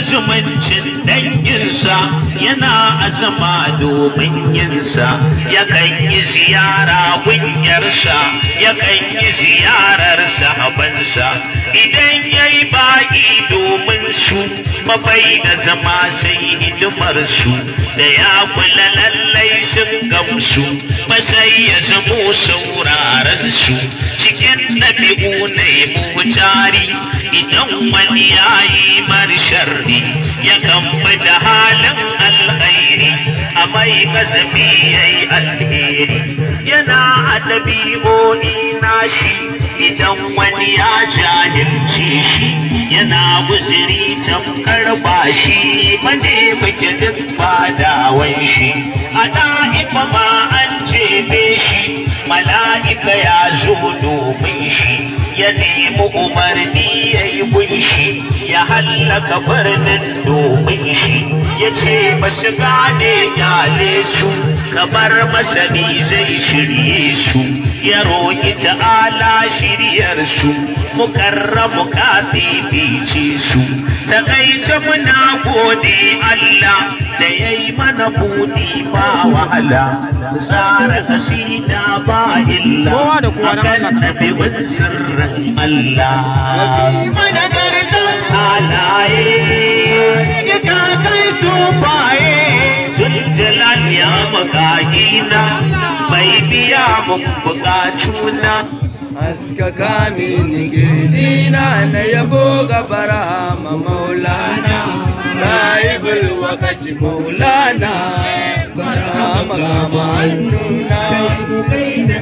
zumuncin danginsa yana azama domin yinsa ya kan yi ziyara kunyarsa ya kan yi ziyarar sahabansa idan ya yi baƙi domin su mafai da zama sai hidimar da ya kula lallai sun gamsu masai ya zamo sauraransu cikin ɗabi'u ne mu jari idan wani ya yi mai ya yayi alheri yana a na shi idan wani ya jahilce shi yana buziri tamkar ba shi bane muke duk fadawan shi a da'ifa ma an jebe shi mala'ika ya zo domin shi ya nemi umarni yayi kila kabarnin domin shi yace ba su gane kyale su kabar masani zai shirye su ya roƙi ala shiryar su mukarramu kafifice su takaice muna gode Allah da yayi mana buɗi ba wahala tsara kasida ba illa akan ɗabi'un sirrin Allah. halaye duka kai su baye sun jalan ya makagina mai biya mun bukatuna haska kamin girjina na yabo gabara ma maulana sahibul wakati maulana makama hannuna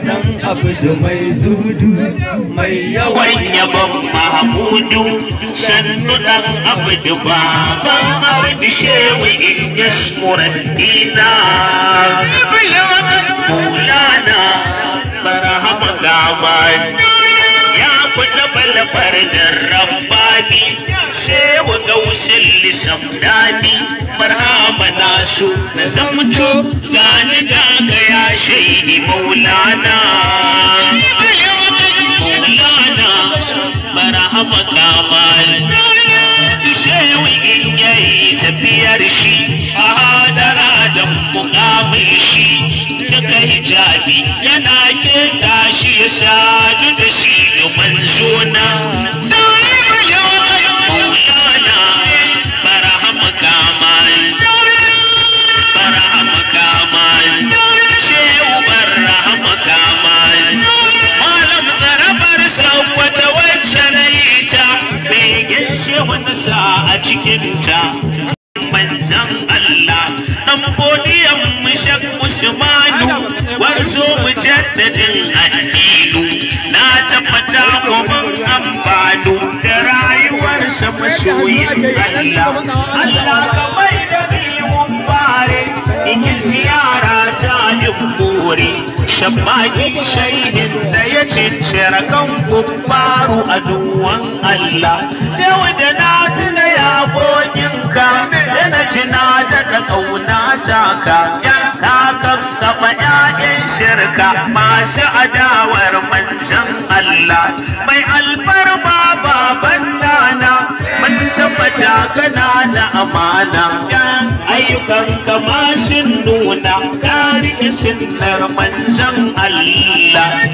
dan abdu mai zudu mai yawan yabon mahamudu sannu dan abdu baban abdu shehu in yashmuraddina maulana barhama gama kuɗa balfar da rabbabi shewa gaushin lisan daɗi marhaba nasu na zamto gani gaga ya shaidi maulana maulana marhaba kamal shewa in yayi tafiyar shi a hadara da mukamin shi duka yana ke tashi ya sadu da shi sa a cikinta manzan Allah dan bodiyan mu shek Usmanu wanzo mu jaddadin addinu na tabbata ko mun amfanu da rayuwar sa masoyin Allah Allah ka mai da ni mun in ziyara ta yi bakin shaidin da ya ciccira kan kubbaru a duwan Allah yau da na tuna yaƙoƙinka sai na ji na daga ƙauna taka ka kakkaɓa ƴaƴan shirka masu adawar manjan Allah mai alfarma baban nana tabbata kana da amana ayyukan kamashin nuna ka riƙe sunnar manzan Allah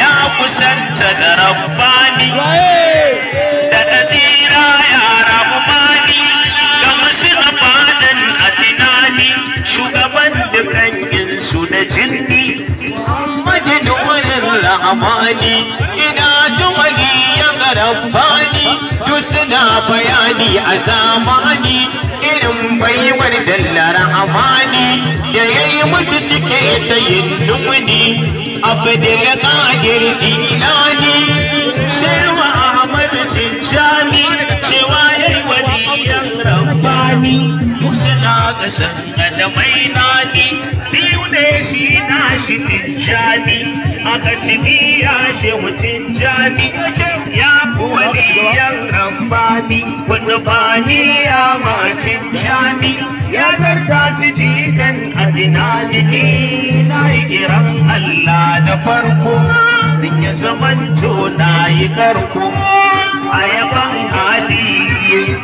ya kusanta da rabbani da nazira ya rahmani ga mashi abadan adinani shugaban da insu na jirgi Muhammadu nurin rahmani rabbani duk suna bayani a zamani irin baiwar jallar amani da ya yi musu suke ta yin nuni abdul qadir jilani shewa ahmad cinjani cewa yayi waliyan rabbani yusna kashin da mai nani biyu ne shi na shi cinjani aka ci biya shehutun jami ya fi waliyan rambani wani bani ya macin jami ya zarta su jikan adinani ne na yi kiran Allah da farko din ya zamanto na yi karko a yaban aliyu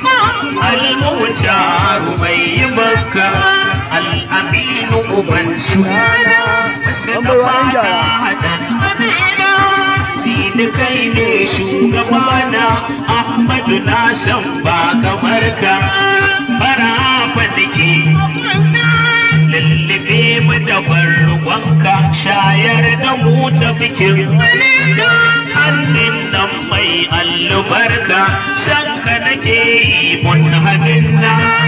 almujaru mai yi baka al'aminu uban shuwa an bai wa yan gyara ni kai ne shugabana Ahmadu na shan ba kamar ka farafa nake lullube mu da barwanka shayar da mu ta bikin hannun nan mai allubarka sanka nake yi mun hannun nan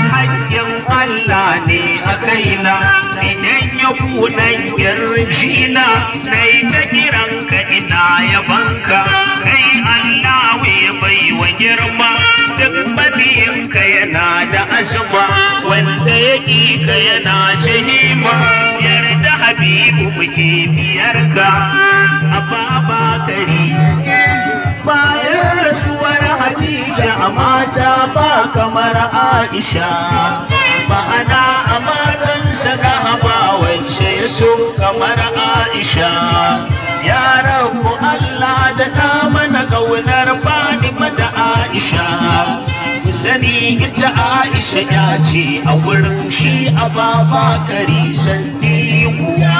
haƙƙin Allah ne a kaina idan ya buɗan girji na yi ta kiran ka ina yabanka kai Allah ya bai wa girma duk mabiyanka yana da azuma wanda ya ƙi ka yana jihima yarda habibu muke biyarka a baba kari aisha ma'ana amanansa na habawance su kamar aisha ya rabu allah da ta mana ƙaunar fadima da aisha sani ita aisha ya ce a wurin shi a babakari sandiku ya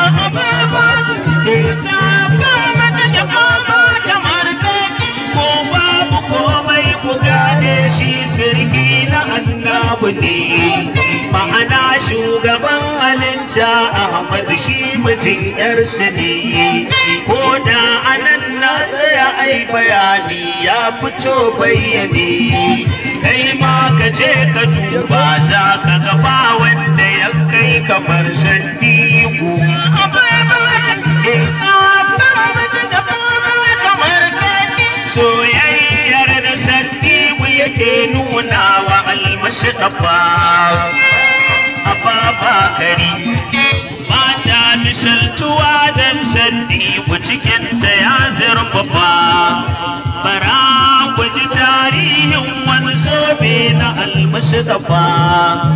kuɗi ma'ana shugaban alinja Ahmad shi mijin yar shi ne ko da anan na tsaya ai bayani ya fito bayyane kai ma ka je ka duba sha ka gaba wanda ya kai kamar ku? mashi ɗafa a baba gari mata misaltuwa don sandi cikin ta Mustapha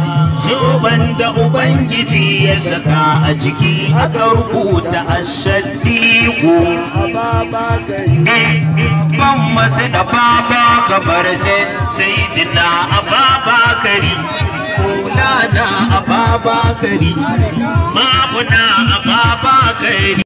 zuban da Ubangiji ya saka a jiki aka rubuta a sadiku ban eh, masu ba ka bar sai dina a baba kari kulana a baba kari mabuna a baba kari